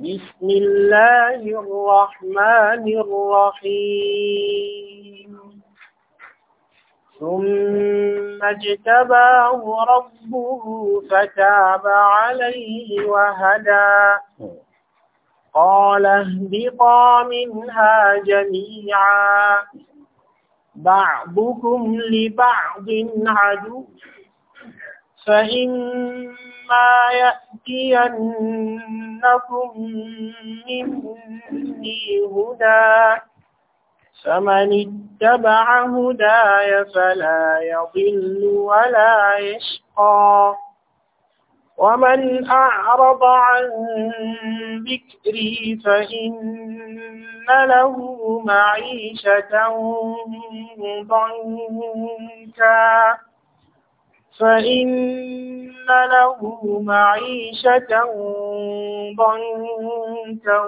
بسم الله الرحمن الرحيم ثم اجتباه ربه فتاب عليه وهدى قال اهبطا منها جميعا بعضكم لبعض عدو فإما يأتي يأتينكم مني هدى فمن اتبع هداي فلا يضل ولا يشقى ومن أعرض عن ذكري فإن له معيشة ضنكا فإن له معيشة ضنكا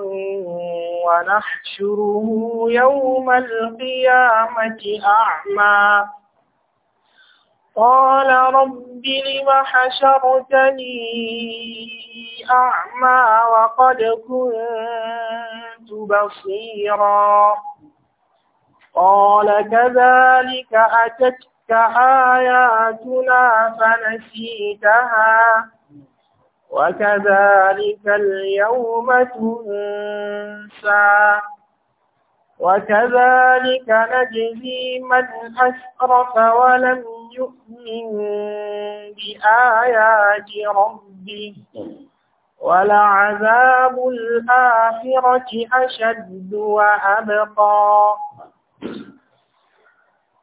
ونحشره يوم القيامة أعمى قال رب لم حشرتني أعمى وقد كنت بصيرا قال كذلك أتتك آياتنا فنسيتها وكذلك اليوم تنسى وكذلك نجزي من أسرف ولم يؤمن بآيات ربه ولعذاب الآخرة أشد وأبقى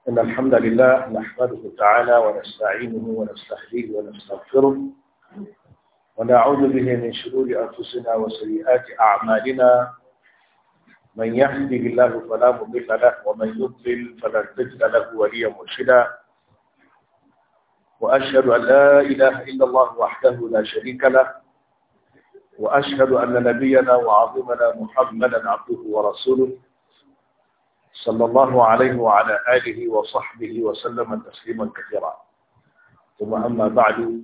إن الحمد لله نحمده تعالى ونستعينه ونستهديه ونستغفره ونعوذ به من شرور أنفسنا وسيئات أعمالنا من يهده الله فلا مضل له ومن يضلل فلا تجد له وليا مرشدا وأشهد أن لا إله إلا الله وحده لا شريك له وأشهد أن نبينا وعظيمنا محمدا عبده ورسوله صلى الله عليه وعلى آله وصحبه وسلم تسليما كثيرا ثم أما بعد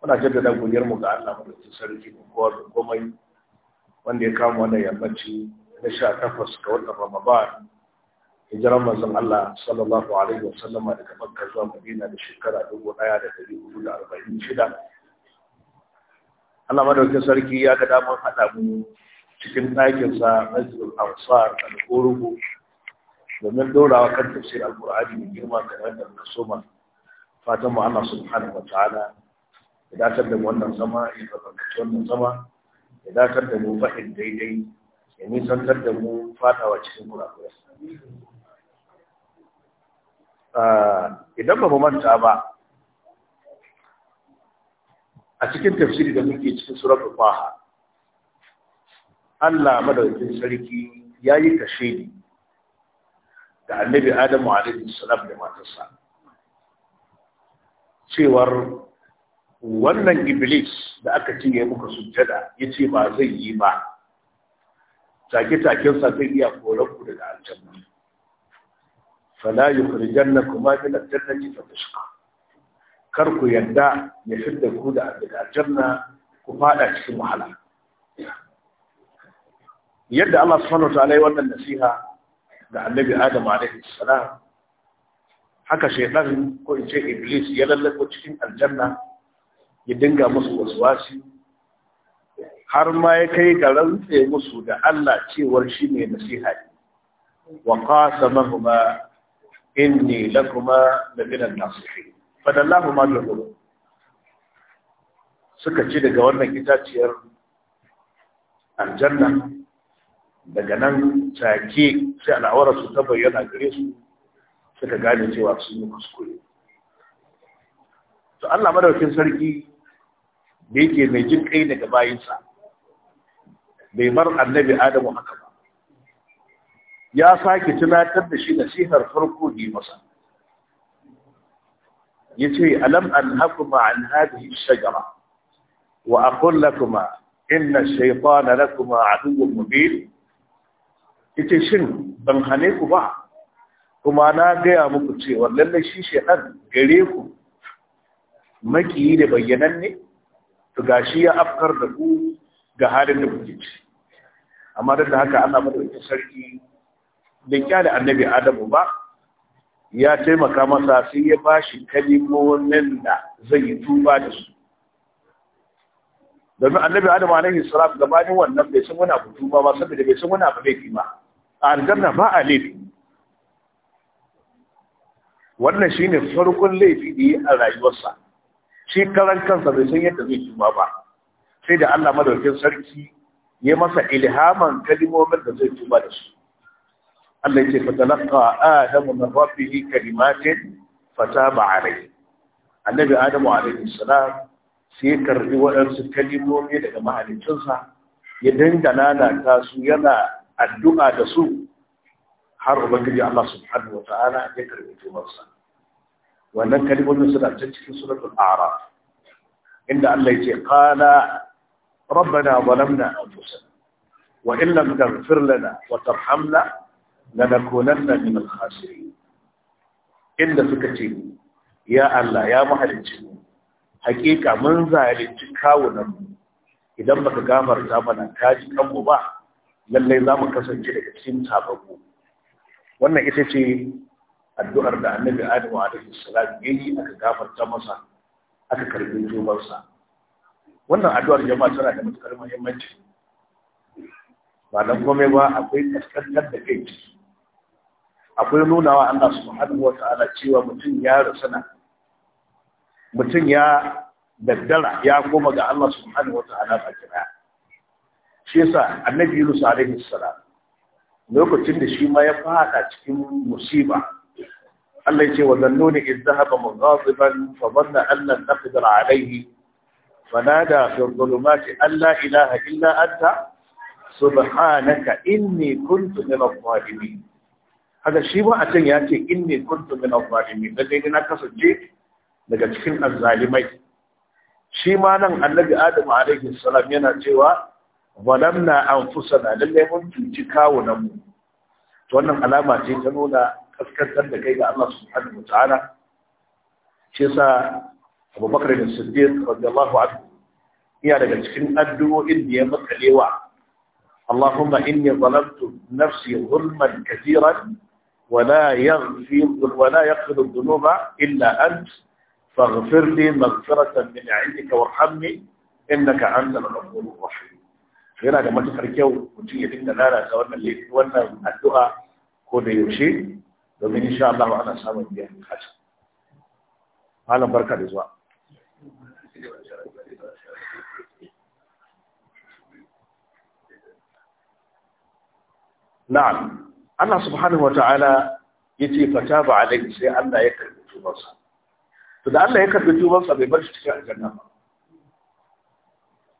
muna jaddada godiyarmu ga Allah madaukakin sarki ko kowa da komai wanda ya kama wannan yammaci na sha takwas ga watan Ramadan hijiran manzon Allah sallallahu alaihi wa sallama daga Makka zuwa Madina da shekara dubu ɗaya da ɗari hudu da arba'in shida Allah madaukakin sarki ya ga damar haɗa mu cikin ɗakinsa Masjidul Ansar al-Urugu domin dorawa kan tafsir al al-qur'ani mai girma da wannan muka fatan mu Allah subhanahu wa ta'ala ya dakar da wannan zama ya san wannan zama ya dakar da mu fahim daidai ya nisantar da mu fadawa cikin kurakurai idan ba mu manta ba a cikin tafsiri da muke cikin suratul faha Allah madaukakin sarki ya yi kashe ni da annabi adamu alaihi salam da matarsa cewar wannan iblis da aka ce ya muka sujjada ya ce ba zai yi ba take-takensa zai iya koranku daga aljanna fala yukhrijanna kuma min al-jannati fatashqa kar ku yadda ya fidda ku da daga aljanna ku fada cikin wahala yadda Allah subhanahu wa ta'ala ya wannan nasiha da annabi adam alaihi salam haka shaytan ko in ce iblis ya lallako cikin aljanna ya dinga musu waswasi har ma ya kai ga rantse musu da Allah cewar shi ne nasiha wa qasamahuma inni lakuma lamina nasihin fadallahu ma bi suka ci daga wannan itaciyar aljanna daga nan take sai al'awara su ta bayyana gare su suka gane cewa sun yi kuskure to Allah madaukin sarki da yake mai jin kai daga bayinsa bai bar annabi Adamu haka ba ya sake tunatar da shi nasihar farko da masa yace alam anhakuma an hadhihi shajara wa aqul lakuma inna ash-shaytana lakuma aduwwun mubin yace shin ban hane ku ba kuma na gaya muku cewa lallai shi shaɗar gare ku makiyi da bayyananne to gashi ya afkar da ku ga halin da kuke ci amma da haka ana madaukakin sarki da kyale annabi adamu ba ya taimaka masa sai ya bashi kalimomin da zai yi tuba da su domin annabi adamu alaihi salatu gabanin wannan bai san wani abu tuba ba saboda bai san wani abu laifi ba a aljanna ba a laifi wannan shine farkon laifi da yi a rayuwarsa shi karan kansa bai san yadda zai tuba ba sai da Allah madaukin sarki ya masa ilhaman kalimomin da zai tuba da su Allah yake talaqa adamu min rabbihi kalimatin fataba alayhi annabi adamu alayhi salam sai karbi waɗansu kalimomi daga mahaliccinsa ya dangana ta su yana addu'a da su har ubangiji Allah subhanahu wa ta'ala ya karbi tumarsa wannan kalmomin suna can cikin suratul ara inda Allah yake qala rabbana zalamna anfusana wa in lam lana wa tarhamna lanakunanna min al-khasirin inda suka ce ya Allah ya mahalicci mu hakika mun zalunci kawunan mu idan baka gamar mana kaji kanmu ba lallai za mu kasance daga cikin tababbu wannan ita ce addu'ar da annabi adamu alaihi salam yayi aka gafarta masa aka karbi tubarsa wannan addu'ar jama'a tana da matukar muhimmanci ba dan komai ba akwai kaskantar da kai akwai nuna wa Allah subhanahu wa ta'ala cewa mutum ya rasana mutum ya daddara ya goma ga Allah subhanahu wa ta'ala ba kira shi yasa annabi Yunus alaihi salam lokacin da shi ma ya fada cikin musiba Allah ya ce wa zannuni idh dhahaba mughadiban fa dhanna an lan naqdir alayhi fanada fi dhulumati an la ilaha illa anta subhanaka inni kuntu min adh-dhalimin haka shi ma a can ya ce inni kuntu min adh-dhalimin da dai na kasance daga cikin azzalimai shi ma nan annabi Adam alaihi salam yana cewa an anfusana lalle mun cuci kawunanmu mu to wannan alama ce ta nuna kaskantar da kai ga Allah subhanahu wa ta'ala shi yasa Abu Bakar da Siddiq radiyallahu anhu iya daga cikin addu'o'in da ya makalewa Allahumma inni zalamtu nafsi zulman kathiran ولا يغفر ولا يغفر الذنوب الا انت فاغفر لي مغفرة من عندك وارحمني انك انت الغفور الرحيم yana da matukar kyau mutum ya dinga lalata wannan wannan addu'a ko da yaushe domin insha Allah ana samun biyan bukata malam barka da zuwa na'am Allah subhanahu wata'ala yace a laifi sai Allah ya karbi tubarsa to da Allah ya karbi tubarsa bai bar shi cikin aljanna ba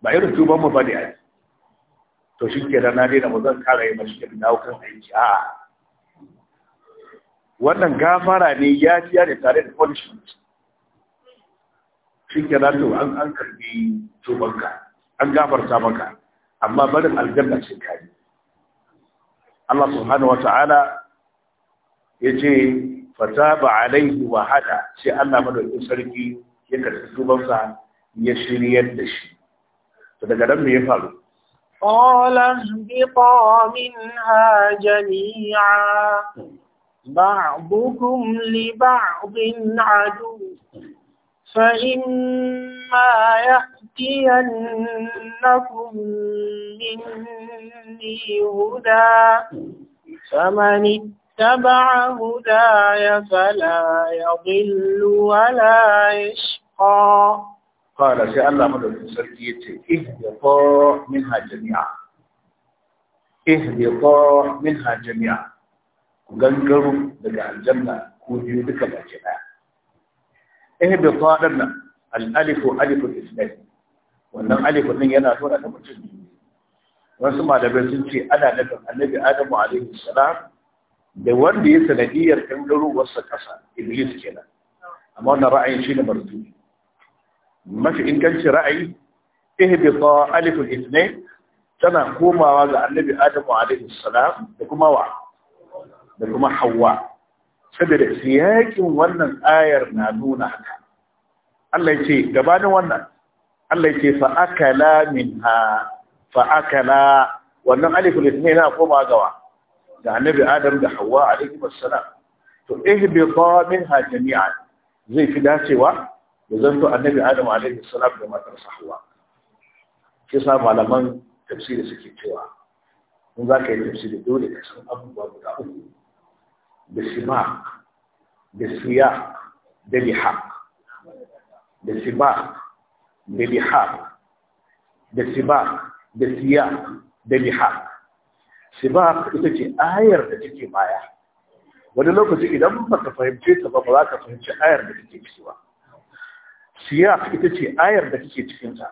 ba irin tuban ba ne ai to shi ke na daina ba zan kara yi mashi da dawo kan aiki a wannan gafara ne ya fiya da tare da punishment shi ke na to an an karbi tubanka an gafarta maka amma barin aljanna ce kai Allah subhanahu wata'ala ya ce fataba alaihi wa hada sai Allah madaukin sarki ya karbi tubansa ya shiryar da shi to daga nan me ya faru قال اهبطا منها جميعا بعضكم لبعض عدو فإما يأتينكم مني هدى فمن اتبع هداي فلا يضل ولا يشقى Fara sai Allah madaukakin sarki ya ce, Ihbita min hajjami'a. Ihbita min hajjami'a. Ku daga aljanna ko biyu duka baki ɗaya. Ihbita ɗin nan, al'alifu alifu isnai. Wannan alifu ɗin yana tura da mutum biyu. Wasu malamai sun ce ana nufin annabi Adamu alaihi salam da wanda ya sanadiyar gangarowarsa ƙasa, Iblis kenan. Amma wannan ra'ayin shi ne martuni. mafi inganci ra'ayi ihbita aliful isne tana komawa ga annabi adamu alaihi salam da kuma wa da kuma hawa saboda siyakin wannan ayar na nuna haka Allah ce gabanin wannan Allah ce fa'akala minha fa'akala wannan aliful isne na komawa ga wa da annabi adam da hawa alaihi salam to ihbita minha jami'an zai fi dacewa da zanto annabi adam alaihi salam da matar hawa Kisa sa malaman tafsiri suke cewa in za ka yi tafsiri dole ka san abubuwa guda uku da simak da siyak da lihaq da simak da lihaq da simak da siyak da lihaq simak ita ce ayar da take baya wani lokaci idan ba ka fahimce ta ba ba za ka fahimci ayar da take ciki ba siyaq ita ce ayar da kake cikinta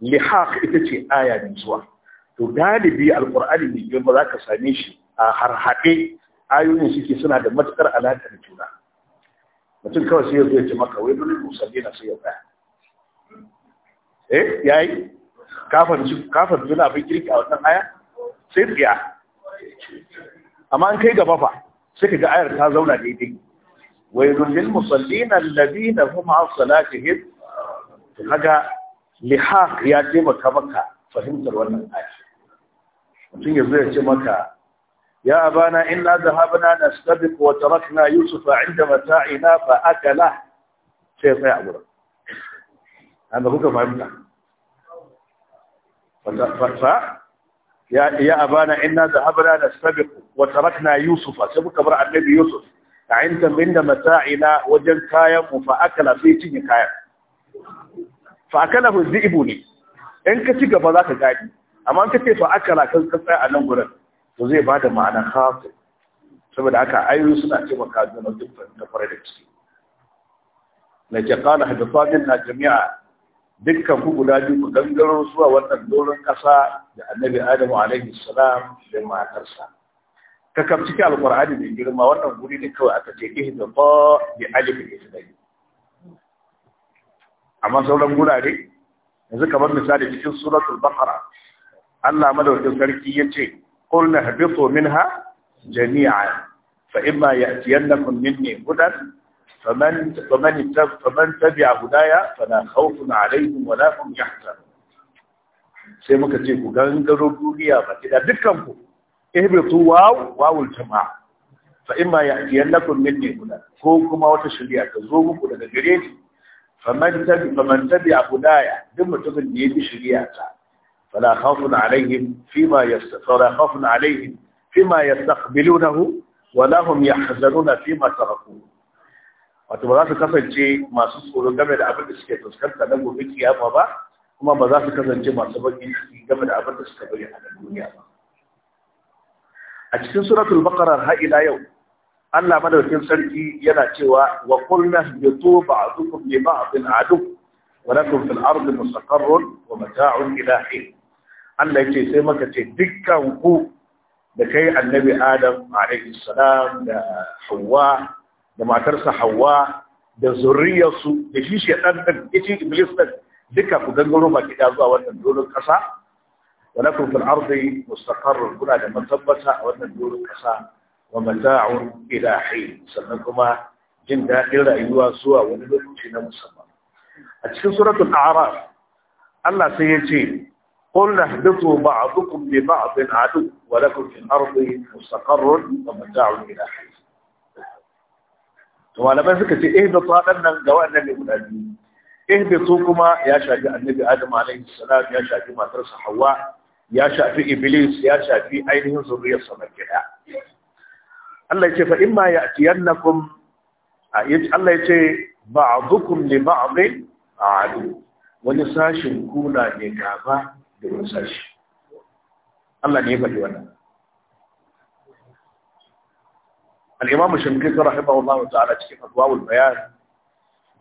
lihaq ita ce aya mai zuwa to galibi alqur'ani mai girma za ka same shi a harhaɗe ayoyin suke suna da matukar alaƙa da juna mutum kawai sai ya zo ya ce maka wai dole musalli na sai ya tsaya eh yayi kafar kafan juna abin kirki a wannan aya sai tsiya amma an kai gaba fa sai ka ga ayar ta zauna daidai wailul lil musallina alladhina hum an salatihim kaga lihaq ya taimaka maka fahimtar wannan aya mutum ya zo ya ce maka يا أبانا إنا ذهبنا نستبق وتركنا يوسف عند متاعنا فأكله شيء يعبر هذا هو فهمنا ف يا يا أبانا إنا ذهبنا نستبق وتركنا يوسف سبق برع النبي يوسف inda minda mata'ina wajen kayan mu fa akala sai cinye kayan fa akala hu zibu ne in ka ci gaba zaka gadi. amma ka ce fa akala kan ka a nan gurin to zai bada ma'ana khafi saboda haka ayoyi suna ce maka juna duk da fara da ciki na ce qala hadathan na jami'a dukkan ku guda biyu ku gangaro zuwa wannan doron kasa da annabi adamu alaihi salam da matarsa ka kamci ki da girma wannan guri ne kawai aka ce ihi da ba bi alif yi. amma sauran gurare yanzu kamar misali cikin suratul baqara Allah madaukakin sarki yace qulna habitu minha jami'a fa imma ya'tiyannakum minni hudan faman faman اتبع فمن تبع هدايا فلا خوف عليهم ولا sai muka ce ku gangaro duniya ba kida dukkan ku ihbitu waw wawul jama'a fa imma ya'tiyannakum minni huda ko kuma wata shari'a ta zo muku daga gare ni faman tabi faman tabi'a hudaya duk mutumin da ya bi shari'a ta فلا خوف عليهم فيما يست... فلا خوف عليهم فيما يستقبلونه ولا هم يحزنون فيما تركوه wato ba za su kasance masu tsoro game da abin da suke fuskanta na gobe kiyama ba kuma ba za su kasance masu bakin ciki game da abin da suka bari a duniya ba a cikin suratul baqara har ila yau Allah madaukakin sarki yana cewa wa qulna bitu ba'dukum li ba'din adu wa lakum fil ardi mustaqarrun wa mata'un ila hin Allah yace sai maka ce dukkan ku da kai annabi Adam alayhi salam da Hawwa da matarsa Hawwa da zuriyarsu da shi shedan din yace iblis din duka ku gangaro baki da zuwa wannan doron kasa ولكم في الأرض مستقر كنا لما ثبت والنبور الكسا ومتاع إلى حين سنكما جندا إلا أيها سوى ونبتنا مسمى أتكلم سورة الأعراف الله سيجي قلنا اهبطوا بعضكم لبعض عدو ولكم في الأرض مستقر ومتاع إلى حين to malaman suka ce eh da tsadan nan ga wannan ne guda biyu eh da su kuma ya shafi annabi adam alaihi salam ya shafi matarsa hawa ya shafi iblis ya shafi ainihin zuriyar sa baki daya Allah ya ce fa imma ya'tiyannakum Allah ya ce ba'dukum li ba'din adu wani sashin kula ne gaba da wani sashi Allah ne ya faɗi wannan Al-Imam shimkis rahimahullah ta'ala cikin fatwawul bayan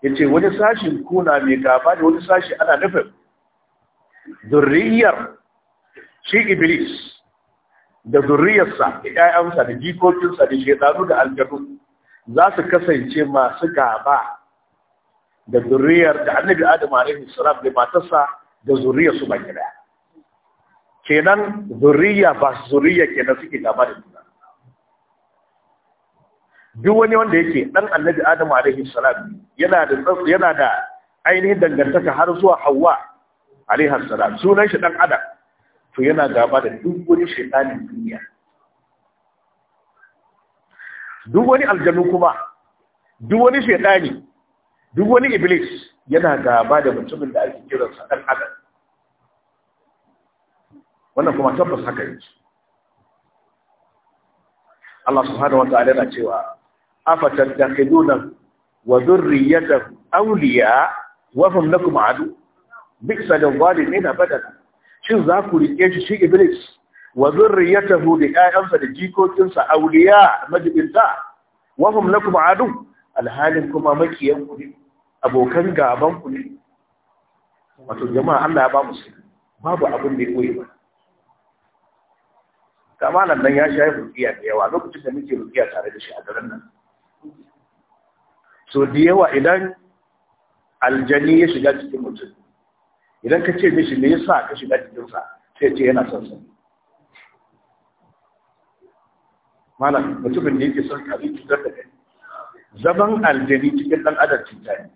ya ce wani sashin kula mai gaba da wani sashi ana nufin zuriyar shi iblis da zurriyarsa da ƴaƴansa da jikokinsa da shekaru da aljanu za su kasance masu gaba da zurriyar da annabi adam alaihi salam da matarsa da zurriyar su baki daya kenan zurriya ba su zurriya kenan suke gaba da juna duk wani wanda yake dan annabi adam alaihi salam yana da yana da ainihin dangantaka har zuwa hawa alaihi salam sunan shi dan adam to yana gaba da duk wani shaitanin duniya duk wani aljanu kuma duk wani shaitani duk wani iblis yana gaba da mutumin da ake kiransa ɗan adam wannan kuma tabbas haka yake Allah subhanahu wa ta'ala yana cewa afatan takhiduna wa dhurriyyatahu awliya wa hum lakum adu bi'sa lil zalimin badana. shin za ku rike shi shi iblis wa zurriyatahu da ƴaƴansa da jikokinsa awliya majibinta wa hum lakum adu alhalin kuma makiyan ku ne abokan gaban ku ne wato jama'a Allah ya ba mu babu abin da ya koyi ba kamalan nan ya shayi rukiya da yawa lokacin da muke rukiya tare da shi a garin nan so da yawa idan aljani ya shiga cikin mutum idan ka ce mishi ya yasa ka shiga jikinsa sai ce yana son sa malam mutumin da yake son ka zai cutar da kai zaman aljani cikin ɗan adam cuta ne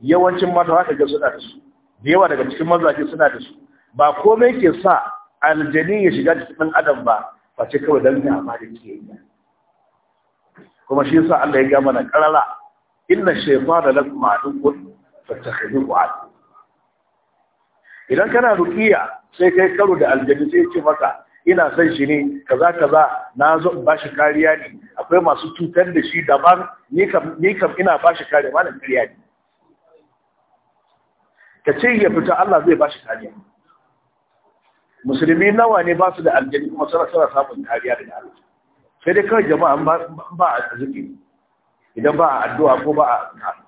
yawancin mata haka ga suna da su da yawa daga cikin mazaje suna da su ba komai ke sa aljani ya shiga cikin ɗan adam ba ba ce kawai don ne amma da ke yi kuma shi yasa Allah ya gama na karara inna shaytana lakum aduwwun fatakhliqu anhu idan kana ruqiya sai kai karo da aljabi sai ce maka ina son shi ne kaza kaza na zo in bashi kariya ne akwai masu cutar da shi daban ni kam ni kam ina bashi kariya ba nan kariya ne ka ce ya fita Allah zai bashi kariya musulmi nawa ne ba su da aljabi kuma suna suna samun kariya daga Allah sai dai kawai jama'a ba a arziki idan ba a addu'a ko ba a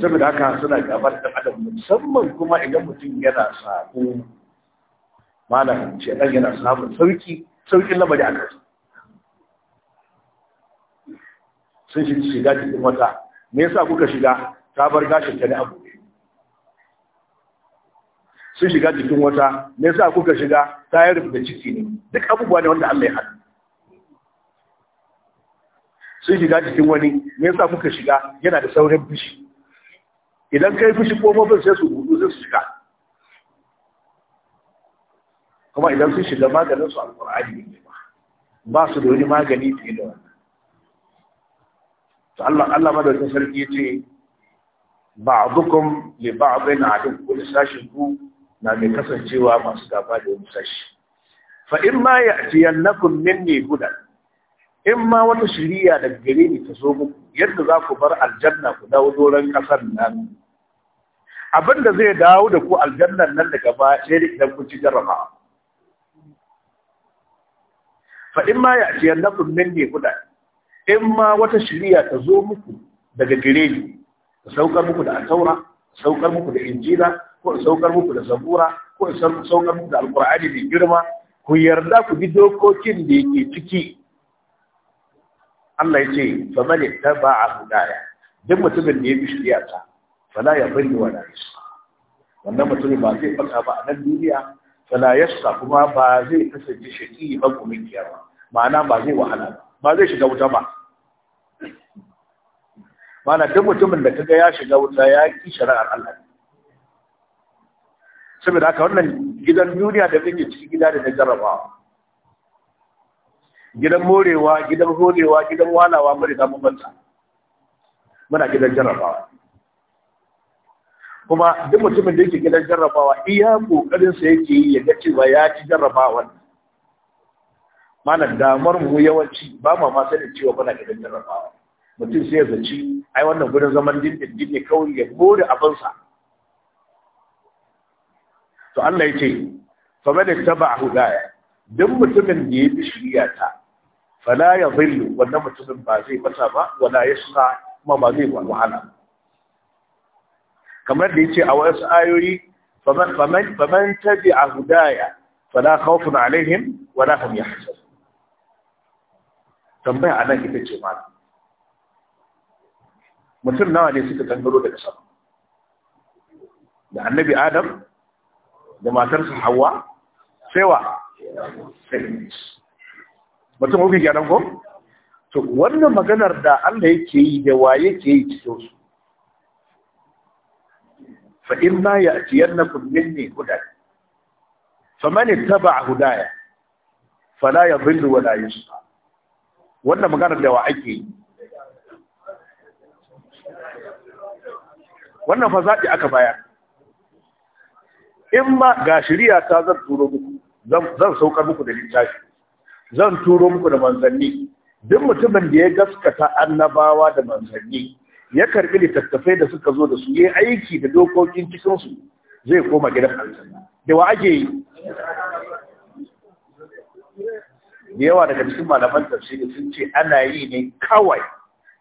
saboda haka suna gabar da adam musamman kuma idan mutum yana sako malam ce dan yana samun sauki saukin lamari a kansa sun shi shiga cikin wata me yasa kuka shiga ta bar gashin ta ne abu sun shiga cikin wata me yasa kuka shiga ta yi rufe ciki ne duk abubuwa ne wanda Allah ya haɗa sun shiga cikin wani me yasa kuka shiga yana da saurin bishi idan kai fushi mafin sai su buɗu sai su shiga kuma idan sun shiga maganin su alƙur'ani ne ba su da wani magani fiye da wannan to Allah Allah madaukakin sarki yace ba'dukum li ba'din adu kullu sashin ku na mai kasancewa masu gaba da wani sashi fa in ma ya'tiyannakum minni hudan in ma wata shiriya daga gare ni ta zo muku yadda za ku bar aljanna ku dawo doron ƙasar nan abin da zai dawo da ku aljannan nan daga ba sai da idan kun ci jarraba fa in ma ya ce yannakum ne huda in ma wata shiriya ta zo muku daga gare ni ta saukar muku da taura saukar muku da injila ko saukar muku da zabura ko saukar muku da alqur'ani mai girma ku yarda ku bi dokokin da yake ciki Allah ya ce fa ba a hudaya duk mutumin da ya bi shari'a ta fala ya bari wa la wannan mutumin ba zai faka ba a nan duniya fala yasqa kuma ba zai kasance shaki ba kuma kiyawa ma'ana ba zai wahala ba ba zai shiga wuta ba mana duk mutumin da kaga ya shiga wuta ya ki shari'ar Allah saboda haka wannan gidan duniya da kake ciki gida da na jarrabawa gidan morewa gidan horewa gidan walawa mun da mun banta muna gidan jarrabawa kuma duk mutumin da yake gidan jarrabawa iya kokarin sa yake yi ya ga cewa ya ci jarrabawa mana damar mu yawanci ba mu ma sanin cewa muna gidan jarrabawa mutum sai ya zaci ai wannan gurin zaman dindindin ne kawai ya bore abinsa to Allah ya ce fa man ittaba hudaya duk mutumin da ya bi shari'a ta fala ya zillu wannan mutumin ba zai bata ba wala ya sa kuma ba zai wahala kamar da yace a wasu ayoyi faman faman faman tabi hudaya fala khawfun alaihim wala hum yahzan tambaya anan ita ce ma mutum nawa ne suka dangaro daga sama da annabi adam da matarsa hawa sai wa sai mutum uku kenan ko to wannan maganar da Allah yake yi da waye yake yi cikin su fa in ya'tiyannakum minni hudan faman ittaba'a hudaya fala yadhillu wala yashqa wannan maganar da wa ake yi wannan fa zabi aka bayar in ma ga shirya ta zan turo muku zan saukar muku da littafi zan turo muku da manzanni duk mutumin da ya gaskata annabawa da manzanni ya karbi littattafai da suka zo da su yayi aiki da dokokin cikinsu zai koma gidan aljanna da wa ake yi da yawa daga cikin malaman tafsiri sun ce ana yi ne kawai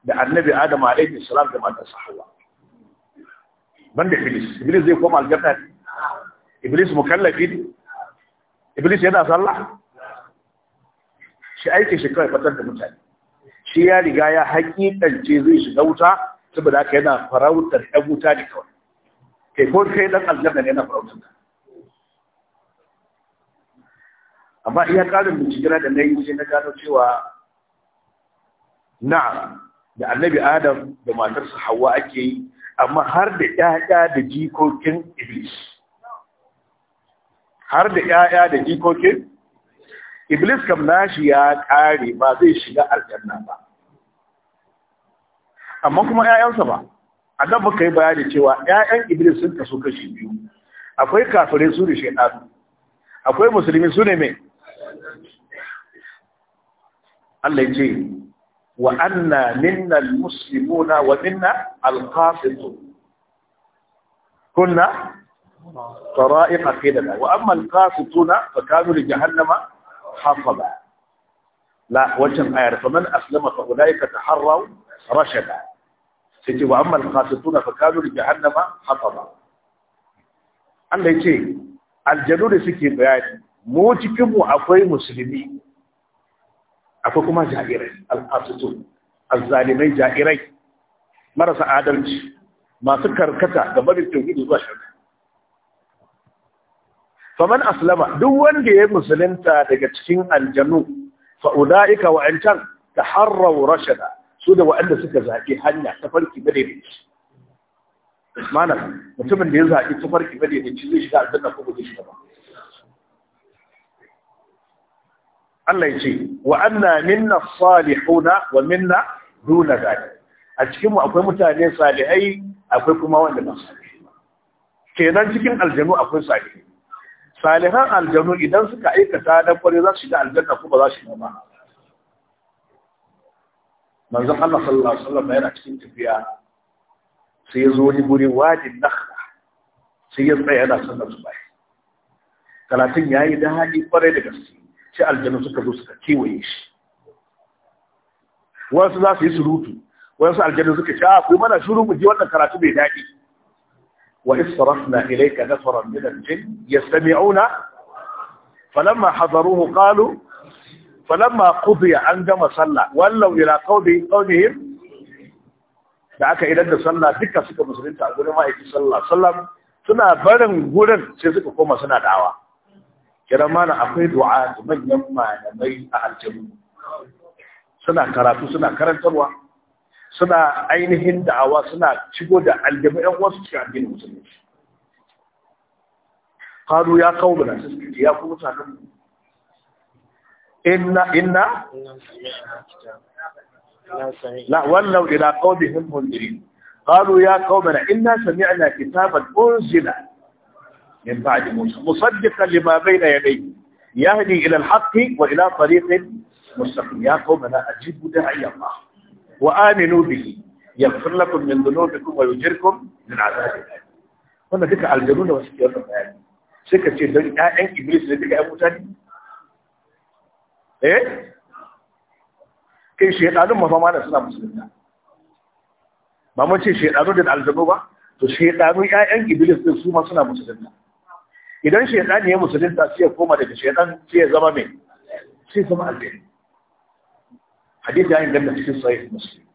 da annabi adam alaihi salam da matarsa hawa banda iblis iblis zai koma aljanna iblis mukallafi iblis yana sallah shi aikin shi kawai fatar da mutane shi ya riga ya hakikance zai shiga wuta saboda haka yana farautar ɗan wuta ne kawai kai ko kai ɗan aljanna ne yana farautar ka amma iya ƙarin bincike na da na yi sai na gano cewa na da annabi adam da matarsa hawa ake yi amma har da ƴaƴa da jikokin iblis har da ƴaƴa da jikokin iblis kam nashi ya kare ba zai shiga aljanna ba amma kuma ƴaƴansa ba annan muka yi bayani cewa ƴaƴan iblis sun kasu kashi biyu akwai kafirai su ne shaidan akwai musulmi su ne mai Allah ya ce wa anna minna almuslimuna wa minna alqasitun كنا طرائق قيلنا وأما القاسطون فكانوا jahannama. hasaba la wancan ayar fa man aslama fa ulaika taharraw rashada sai ce wa amma al-qasituna fa kanu Allah ya ce aljanu da suke bayani mu cikin mu akwai musulmi akwai kuma ja'irai marasa adalci masu karkata ga mabin tauhidi zuwa shirka faman aslama duk wanda ya musulunta daga cikin aljanu fa ulaika wa antan taharraw rashada su da waɗanda suka zaɓi hanya ta farki madaidaici mana mutumin da ya zaɓi ta farki madaidaici zai shiga aljanna ko bai shiga ba Allah ya ce wa anna minna salihuna wa minna duna zalik a cikin mu akwai mutane salihai akwai kuma wanda ba salihai kenan cikin aljanu akwai salihai salihan aljanu idan suka aikata na fari, za su shiga aljanna ko ba za su ba manzo Allah sallallahu alaihi wasallam yana cikin tafiya sai ya zo ni guri wadi nakhla sai ya tsaya yana sallar su bai talatin yayi da hali kware da gaske sai aljanu suka zo suka kewaye shi wasu za su yi surutu wasu aljanu suka ce a ko mana shuru mu ji wannan karatu bai daɗi وإذ صرفنا إليك نفرا من الجن يستمعون فلما حضروه قالوا فلما قضي عندما صلى ولوا إلى قومه قومهم دعك إلى أن صلى دكا سكا مسلمين تقول ما يكي صلى الله عليه وسلم سنة برن قولن سيسكا كما سنة دعوة كنا مانا أقوي دعاء من يمانا مي أهل جنوب suna karatu suna karantarwa suna ainihin da'awa suna cigo da aljami ɗan wasu cikin addinin musulunci qalu ya qaumana suke ya ku mutanen inna inna la wallau ila qaumihim mundirin qalu ya qaumana inna sami'na kitaban unzila من بعد موسى مصدقا لما بين يديه يهدي إلى الحق وإلى طريق مستقيم يا قومنا أجيبوا داعي الله wa aminu bihi yaghfir lakum min dhunubikum wa yujirkum min azabin wannan duka aljanu da wasu ke da bayani sai ka ce don ƴaƴan iblis ne duka ƴan mutane eh kai shedanun ma ma suna musulunta ba mun ce shedanu da aljanu ba to shedanu ƴaƴan iblis din su ma suna musulunta idan shedan ne ya musulunta sai ya koma daga shedan sai ya zama mai sai zama aljanu hadisi ya inganta cikin sahih muslim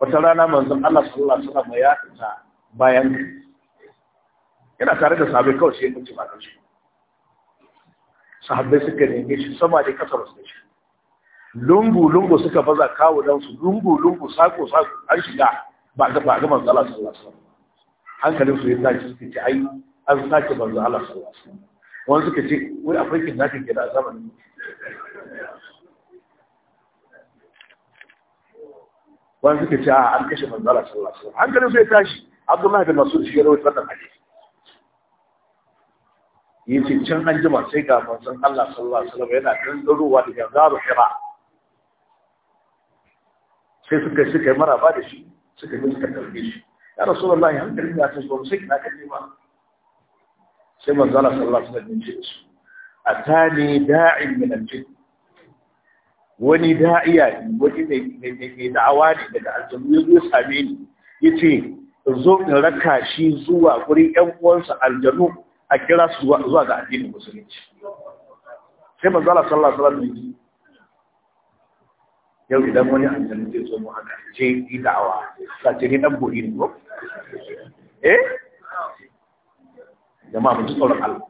wata rana manzon Allah sallallahu alaihi wasallam ya fita bayan yana tare da sahabbai kawai sai mutum a kanshi sahabbai suka neme shi sama da kasar su shi lungu lungu suka baza kawo dan su lungu lungu sako sako an shiga ba ga ba ga manzon Allah sallallahu alaihi wasallam hankalin su ya tashi suka ce ai an sake manzon Allah sallallahu alaihi wasallam wani suka ce wai afirkin zaka kira zamanin wani suka ce a an kashe manzala sallallahu alaihi wasallam hankalin sai tashi abdullahi bin masud shi ya rawaita wannan hadisi yace can an jima sai ga manzon Allah sallallahu alaihi wasallam yana kan tsarowa da zaru kira sai suka suka ba da shi suka yi suka tarbe shi ya rasulullahi hankalin ya tashi ba sai kina kalle ba sai manzon sallallahu alaihi wasallam ya ce atani da'in min al-jinn wani da'iya ne wani mai da'awa ne daga aljanu ya zo same ni ya ce zo in raka shi zuwa wurin yan uwansa aljanu a kira su zuwa ga addinin musulunci sai manzo Allah sallallahu alaihi wasallam yau idan wani aljanu zai zo mu haka je yi da'awa sace ni dan buɗi ne ko eh jama'a mu ji tsoron Allah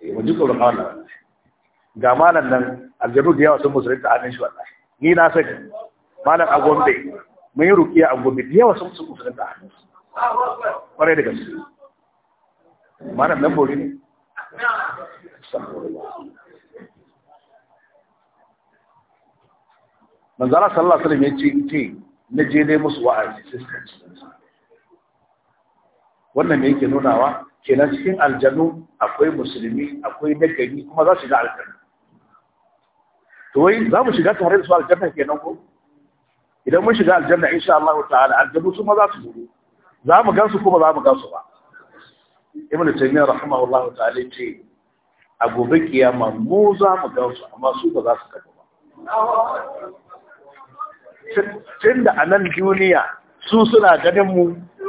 eh, mu ji tsoron Allah ga malam nan aljanu da yawa sun musulunta a nan shi wata, ni na sani malam a gombe mun yi rukiya a gombe da yawa sun musulunta a hannun su kwarai da gaske malam nan bori ne manzara sallallahu alaihi wasallam ya ce ce na je ne musu wa'azi wannan me yake nunawa kenan cikin aljanu akwai musulmi akwai nagari kuma za su ga aljanna Toyi wai za mu shiga tare da su aljanna kenan ko idan mun shiga aljanna insha Allah ta'ala aljabu su ma za su gudu za mu gansu kuma za mu gansu ba ibn taymiyyah rahimahullahu ta'ala ce a gobe kiyama mu za mu gansu amma su ba za su tafi ba Tunda da a nan duniya su suna ganin mu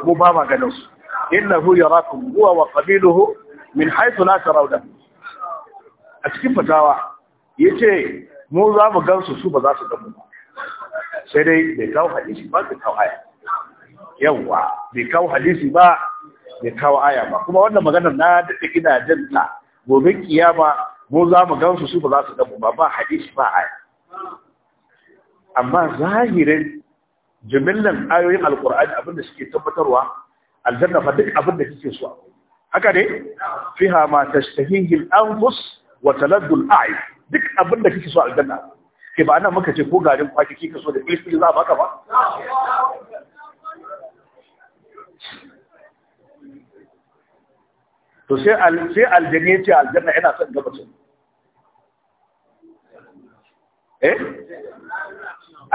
mu ba ma ganin su innahu yarakum huwa wa qabiluhu min haythu la tarawda a cikin fatawa yace mu za mu gansu su ba za su gamu ba sai dai bai kawo hadisi ba bai kawo aya yawa bai kawo hadisi ba bai kawo aya ba kuma wannan magana na daɗe gidajen ta gobe kiyama mu za mu gansu su ba za su gamu ba ba hadisi ba aya amma zahirin jimillan ayoyin alkur'ani abinda suke tabbatarwa aljanna fa duk abinda kike so haka ne fiha ma tashtahihi al-anfus wa taladdu al-a'yun duk abin da kake so aljanna ke ba nan muka ce ko garin kwaki kika so da filfil za a baka ba to sai aljanna ya ce aljanna ina son gabacin eh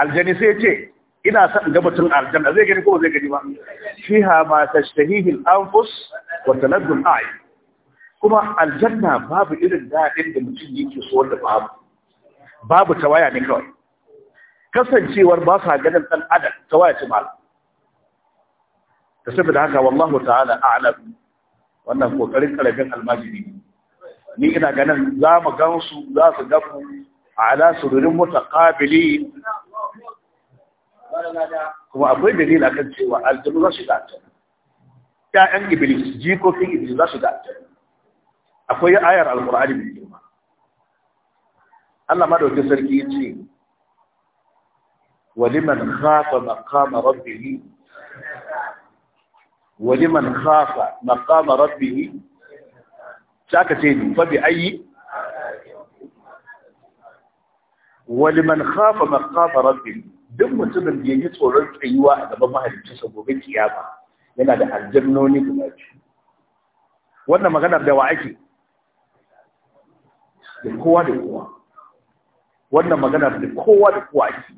aljani sai ce ina son gabatun aljanna zai gani ko zai gani ba fiha ma tashtahihi al-anfus wa tanaddu al-a'yun kuma aljanna babu irin daɗin da mutum yake so wanda babu babu tawaya ne kawai kasancewar ba sa ganin ɗan adam tawaya ce malam ta saboda haka wallahu ta'ala a'lam wannan kokarin karamin almajiri ni ina ganin za mu gansu za su gamu ala sururin mutaqabili kuma akwai dalil akan cewa aljanna za su ga ta ƴaƴan iblis jikokin iblis za su ga ta akwai ayar alkur'ani mai girma Allah madaukakin sarki ya ce waliman khafa maqama rabbih waliman khafa maqama rabbih saka ce ni fa bi ayi waliman khafa maqama rabbih duk mutumin da yayi tsoron tsayuwa a gaban mahaliccinsa gobe kiyama yana da aljannoni guda biyu wannan maganar da wa ake da kowa da kowa wannan magana da kowa da kowa ake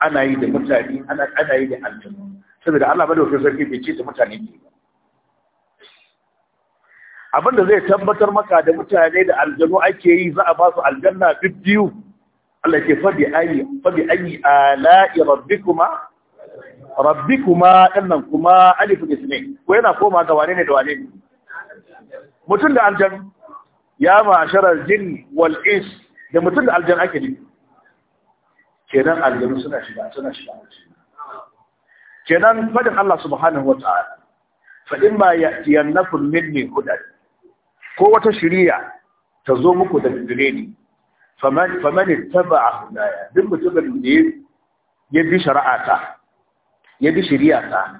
ana yi da mutane ana yi da aljanu saboda Allah madaukakin sarki bai ce ta mutane ne abin da zai tabbatar maka da mutane da aljanu ake yi za a ba su aljanna duk biyu Allah ke fadi ayi fadi ayi ala rabbikuma rabbikuma dannan kuma alif da sunain ko yana koma ga wane ne da wane ne mutum da aljanu ya ma'asharar jin wal ins da mutum da aljan ake ne kenan aljanu suna shiga suna shiga kenan fadin Allah subhanahu wa ta'ala fa ya ma min minni hudan ko wata shiriya ta zo muku da gare ni ta ba a hudaya duk mutumin da ya bi shari'ata ya bi shari'ata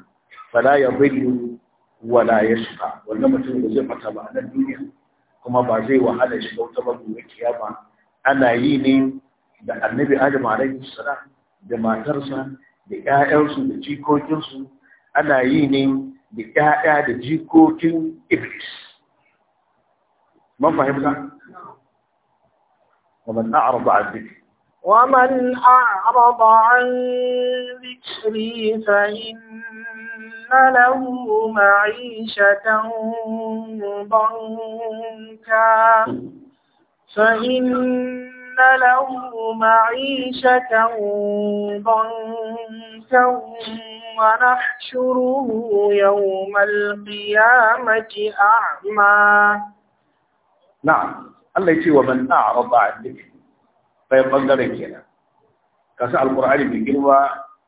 fala yadhillu wala yashqa wannan mutum da zai fata ba a nan duniya kuma ba zai wahala shi bauta ba gobe kiyama ana yi ne da annabi adam alayhi salam da matarsa da ƴaƴansu da jikokinsu ana yi ne da ƴaƴa da jikokin iblis man fahimta ومن أعرض عن ذكري ومن أعرض عن ذكري فإن ان له معيشة ضنكا فإن له معيشة ضنكا ونحشره يوم القيامة أعمى نعم الله يتي ومن أعرض عن ذكري فيبقى ذلك كذا القرآن بيقول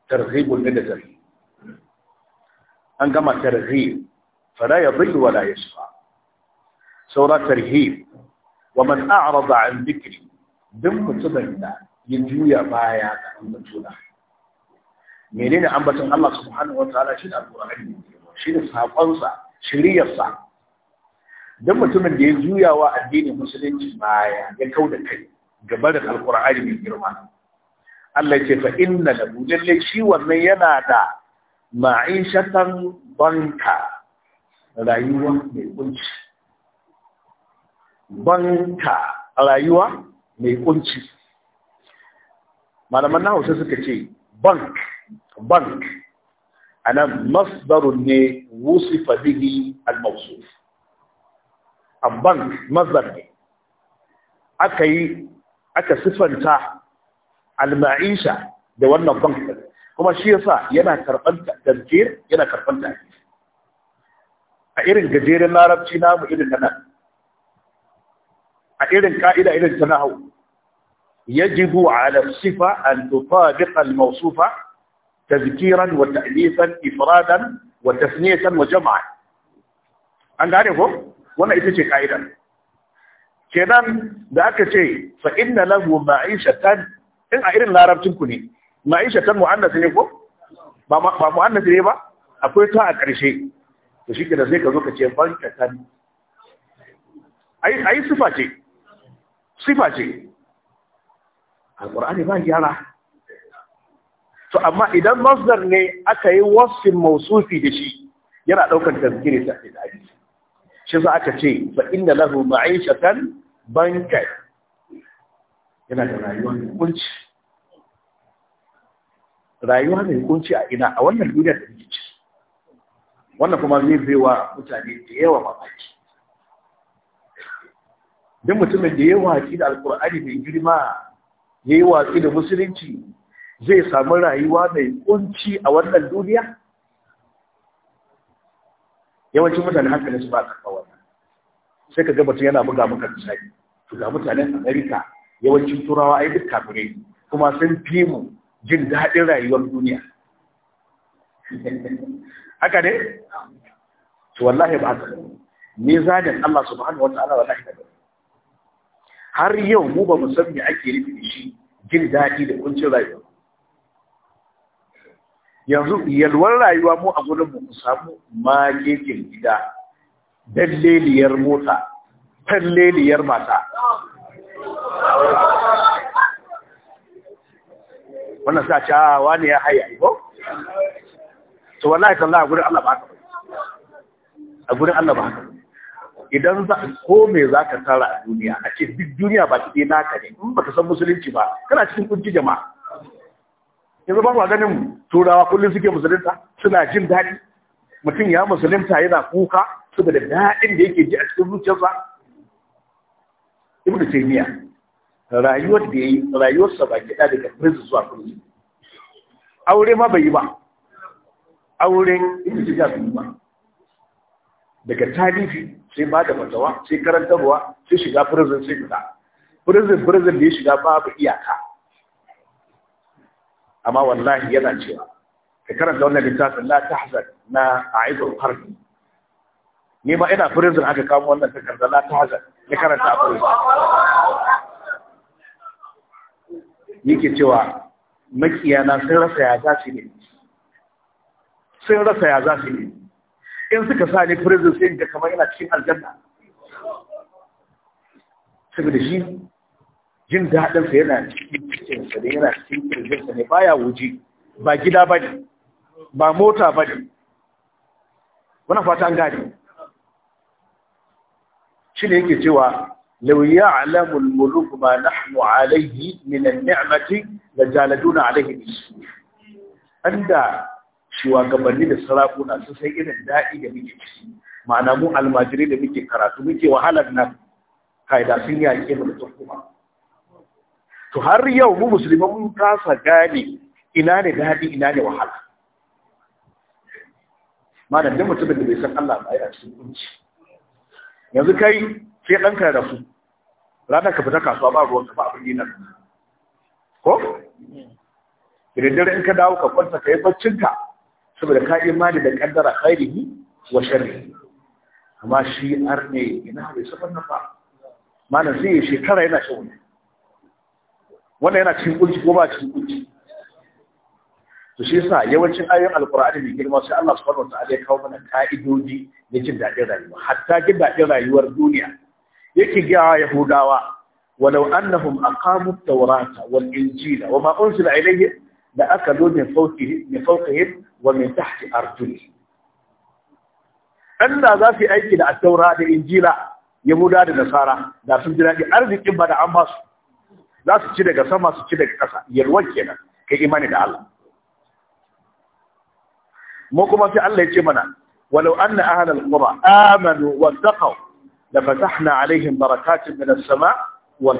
ترغيب النذر an gama tarhib fala yadhillu wala yashqa saura tarhib wa man a'rada an dhikri duk mutumin da ya juya baya ga ambatuna menene ambaton Allah subhanahu wataala shi alqur'ani shi ne sakonsa shiriyarsa duk mutumin da ya juya wa addinin musulunci baya ya kauda kai gaba da alqur'ani mai girma Allah ya ce fa inna lahu lalle shi wannan yana da ma'ishatan banka rayuwa mai kunci banka rayuwa mai kunci malaman na hausa suka ce bank bank Ana masdarun ne wusifa bihi al-mawsuf bank masdar ne aka yi aka sifanta al-ma'isha da wannan bank kuma shi yasa yana karban tafsir yana karban tafsir a irin gajeren larabci namu irin nan a irin ka'ida irin ta nahwu yajibu ala sifa an tutabiq al mawsufa tadhkiran wa ta'lifan ifradan wa tasniyatan wa jam'an an gane ko wannan ita ce ka'idar kenan da aka ce fa inna lahu ma'ishatan in a irin larabcin ku ne ma'isha ta mu'annas ne ko ba mu'annas ne ba akwai ta a ƙarshe to shi da sai ka zo ka ce banka kan ai sifa ce sifa ce Alqur'ani ba gyara to amma idan masdar ne aka yi wasfin mausufi da shi yana ɗaukar tafkiri ta da hadisi shi za aka ce fa inna lahu ma'ishatan banka yana da rayuwar kunci rayuwa mai hukunci a ina a wannan duniya da muke ciki wannan kuma zai bai wa mutane da yawa mamaki duk mutumin da yawa watsi da alkur'ani mai girma ya yi watsi da musulunci zai samu rayuwa mai kunci a wannan duniya yawancin mutane hankali su ba a karɓa wannan sai ka gabata yana buga maka misali to ga mutanen amerika yawancin turawa ai duk kafirai kuma sun fi mu jin daɗin rayuwar duniya haka ne to wallahi ba haka zanen Allah subhanahu wataala wallahi da har yau mu ba mu san me ake nufi da shi jin daɗi da kuncin rayuwa yanzu yalwar rayuwa mu a gurin mu samu makekin gida dalleliyar mota talleliyar mata wannan sa cewa ah, wani ya haya ko to wallahi tallahi a gurin Allah ba haka a gurin Allah ba haka idan za ko me za ka tara a duniya a ce duk duniya ba kiɗe naka ne in ba ka san musulunci ba kana cikin kunci jama'a yanzu ba ma ganin turawa kullum suke musulunta suna jin daɗi mutum ya musulunta yana kuka saboda daɗin da yake ji a cikin zuciyarsa ibnu taymiya rayuwar da ya rayuwar sa baki da daga prison zuwa prison aure ma bai yi ba aure in ji da su ba daga tarihi sai ba da matawa sai karantarwa sai shiga prison sai fita prison prison da ya shiga babu iyaka amma wallahi yana cewa ka karanta wannan littafin la tahzan na aizul qarni ni ma ina prison aka kawo wannan takarda la tahzan ni karanta a prison yake cewa makiyana sun rasa ya za su ne sun rasa ya za su ne in suka sa ne prison sai da kamar yana cikin aljanna saboda shi jin daɗinsa yana cikin cikinsa da yana cikin prisonsa ne baya wuji ba gida ba ne ba mota ba ne wani fata an gane shi ne yake cewa لو يعلم الملوك ما نحن عليه من النعمة لجالدونا عليه بالسوء عند shugabanni da sarakuna sun san irin daɗi da muke ciki ma'ana mu almajiri da muke karatu muke wahalar nan kaida sun yaƙe mu da kuma to har yau mu musulman mun kasa gane ina ne daɗi ina ne wahala malam da mutumin da bai san Allah ba yana cikin kunci yanzu kai sai ɗanka karatu. ranar ka fita kasuwa ba ruwan ka ba abin dinar ko dare in ka dawo ka kwanta ka yi baccinka saboda ka imani da kaddara khairihi wa sharrihi amma shi arne ina bai saba nan ba malam zai shekara yana shi wani wannan yana cikin kunci ko ba cikin kunci to shi yasa yawancin ayoyin alqur'ani mai girma sai Allah subhanahu wa ta'ala ya kawo mana ka'idodi na jin daɗin rayuwa hatta jin daɗin rayuwar duniya yake ga yahudawa walau annahum aqamu at-taurata wal-injila wama unzila ilayhi la akalu min fawqihi min fawqihi wa min tahti arjuli Allah za su yi aiki da at-taura da injila yahuda da nasara da sun jira da arzikin ba da an ba su za su ci daga sama su ci daga ƙasa yalwar kenan kai imani da Allah mu kuma sai Allah ya ce mana walau anna ahlal qura amanu wattaqu na alaihim barakatun min as-sama wal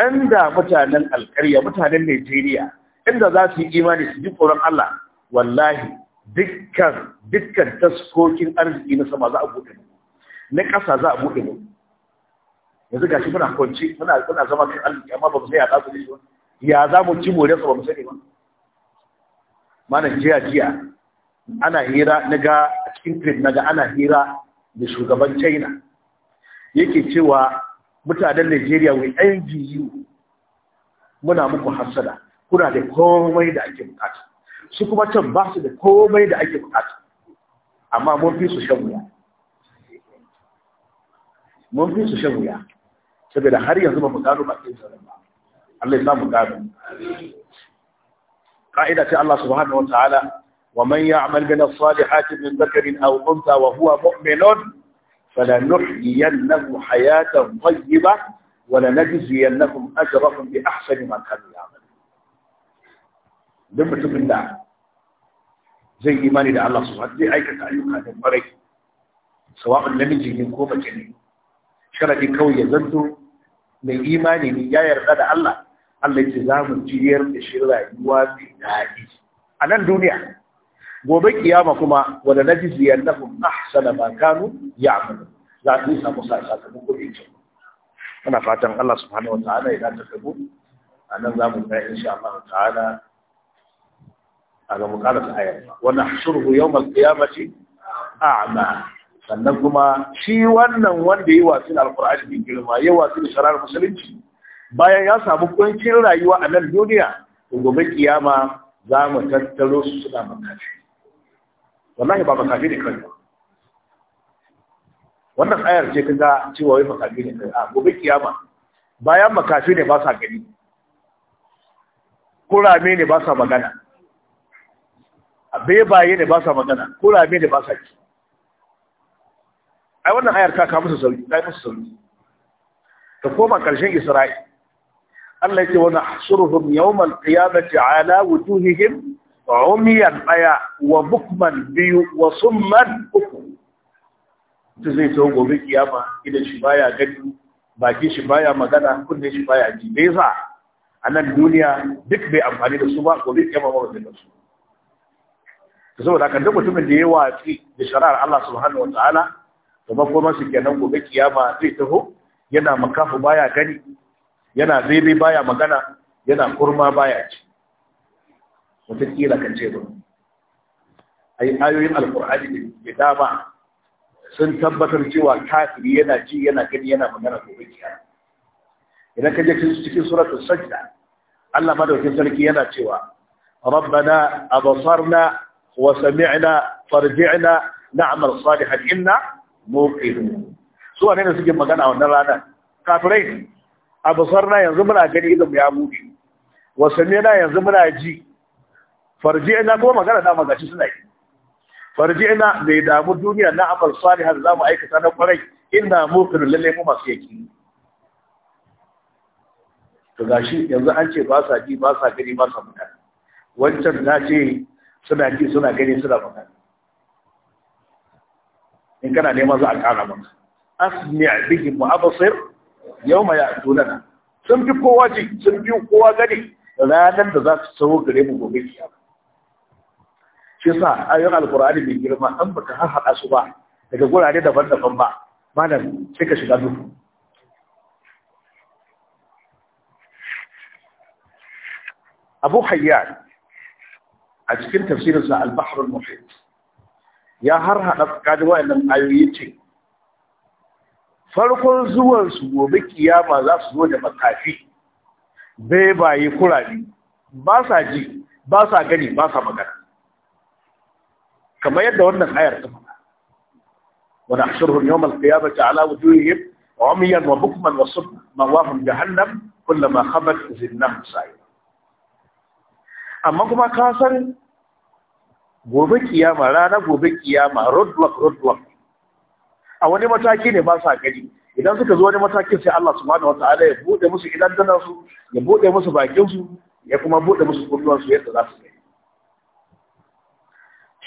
inda mutanen alƙarya mutanen Najeriya inda za su yi imani su ji tsoron Allah wallahi dukkan dukkan taskokin arziki na sama za a buɗe na ƙasa za a buɗe mu muna kwanci muna muna zama kan arziki amma ba mu sai ya za su ya za mu ci more ba mu sani ba malam jiya jiya ana hira na ga cikin trip na ga ana hira da shugaban China yake cewa mutanen Najeriya wai NGU muna muku hasada kuna da komai da ake bukata su kuma can ba su da komai da ake bukata amma mun fi su shan wuya mun fi su shan wuya saboda har yanzu ba mu gano bakin sauran ba Allah ya samu gano ka'ida ce Allah subhanahu wa ta'ala wa man ya'mal min as-salihati min dhakarin aw unsa wa huwa mu'minun فلنحيينهم حياة طيبة ولنجزينهم أجرهم بأحسن ما كانوا يعملون دم تبن da zai imani da Allah subhanahu zai aikata ayyuka da kwarai sawa'un namiji ne ko mace ne sharadi kawai ya zanto mai imani ne ya yarda da Allah Allah ya za mu jiyar da shi rayuwa mai a nan duniya gobe kiyama kuma wala najziyannahum ahsana ma kanu ya'malu za su samu sakamako mai ce. ana fatan Allah subhanahu wataala ya ta da mu nan za mu kai insha Allah ta'ala a ga mukalar ayar wa nahshuruhu yawm al-qiyamati a'ma sannan kuma shi wannan wanda yi wasu alqur'ani bin girma ya wasu sharar musulunci bayan ya samu kuncin rayuwa a nan duniya gobe kiyama za mu tattaro su suna makashi. wallahi ba makafi ne kai wannan ayar ce ta ga cewa wai makafi ne kai a gobe kiyama bayan makafi ne ba sa gani kurame ne ba sa magana bebaye ne ba sa magana kurame ne ba sa ki ai wannan ayar ta kawo musu sauki ta musu sauki ta koma karshen isra'i Allah yake wannan hasuruhum yawmal qiyamati ala wujuhihim umiyan ɗaya wa bukman biyu wa summan uku ta zai zo gobe kiyama idan shi baya gani baki shi baya magana kunne shi baya ji da za a nan duniya duk bai amfani da su ba gobe kiyama ba zai da su ta saboda kan duk mutumin da ya watsi da shara'ar Allah subhanahu wataala to ba kuma su kenan gobe kiyama zai taho yana makafu baya gani yana zai baya magana yana kurma baya ci wataƙila kan ce ba ai ayoyin alkur'ani da dama sun tabbatar cewa kafiri yana ji yana gani yana magana ko kiyama idan ka je cikin suratul sajda Allah madaukakin sarki yana cewa rabbana abasarna wa sami'na farji'na na'mal salihan inna muqinun su wane ne suke magana a wannan ranar kafirai abasarna yanzu muna gani idan mu ya buɗe wa sami'na yanzu muna ji farji'na ko magana da magaci suna yi farji'na da ya damu duniya na amal salihan za mu aikata na kwarai inna muqir lalle mu masu yaki to gashi yanzu an ce ba sa ji ba sa gani ba sa mutane wancan na ce suna ji suna gani suna mutane in kana neman za a kara maka asmi' bihim wa absir yawma ya'tunana sun fi kowa ji sun fi kowa gani ranar da za su sauro gare mu gobe kiyama shi sa ayoyin alkur'ani mai girma an baka haɗa su ba daga gurare daban-daban ba malam sai ka shiga duhu abu a cikin tafsirinsa al-bahr al-muhit ya har haɗa wayannan ayoyi ce farkon zuwan su gobe kiyama za su zo da makafi bai baye kurabi ba sa ji ba sa gani ba sa magana kamar yadda wannan ayar ta faɗa wa nahshuruhum yawm al-qiyamati ala wujuhihim umyan wa bukman wa summan mawahum jahannam kullama khabat zidnahum sa'ira amma kuma ka san gobe kiyama rana gobe kiyama roadblock roadblock a wani mataki ne ba sa gani idan suka zo wani matakin sai Allah subhanahu wataala ya bude musu idan su ya bude musu bakin su ya kuma bude musu kulluwan su yadda za su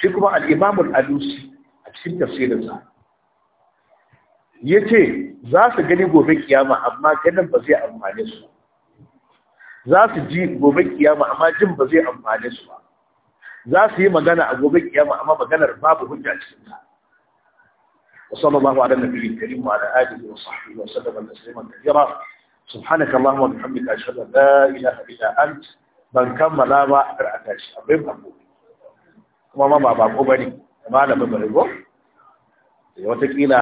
shi kuma al'imamul alusi a cikin tafsirinsa ya ce za su gani gobe kiyama amma ganin ba zai amfane su za su ji gobe kiyama amma jin ba zai amfane su ba za su yi magana a gobe kiyama amma maganar babu hujja cikin ta وصلى الله على النبي الكريم وعلى اله وصحبه وسلم تسليما كثيرا سبحانك اللهم وبحمدك اشهد ان لا اله الا انت ban kammala ba a karanta shi abin abubuwa kuma ma ba ko bane eh, malamin ko go kila.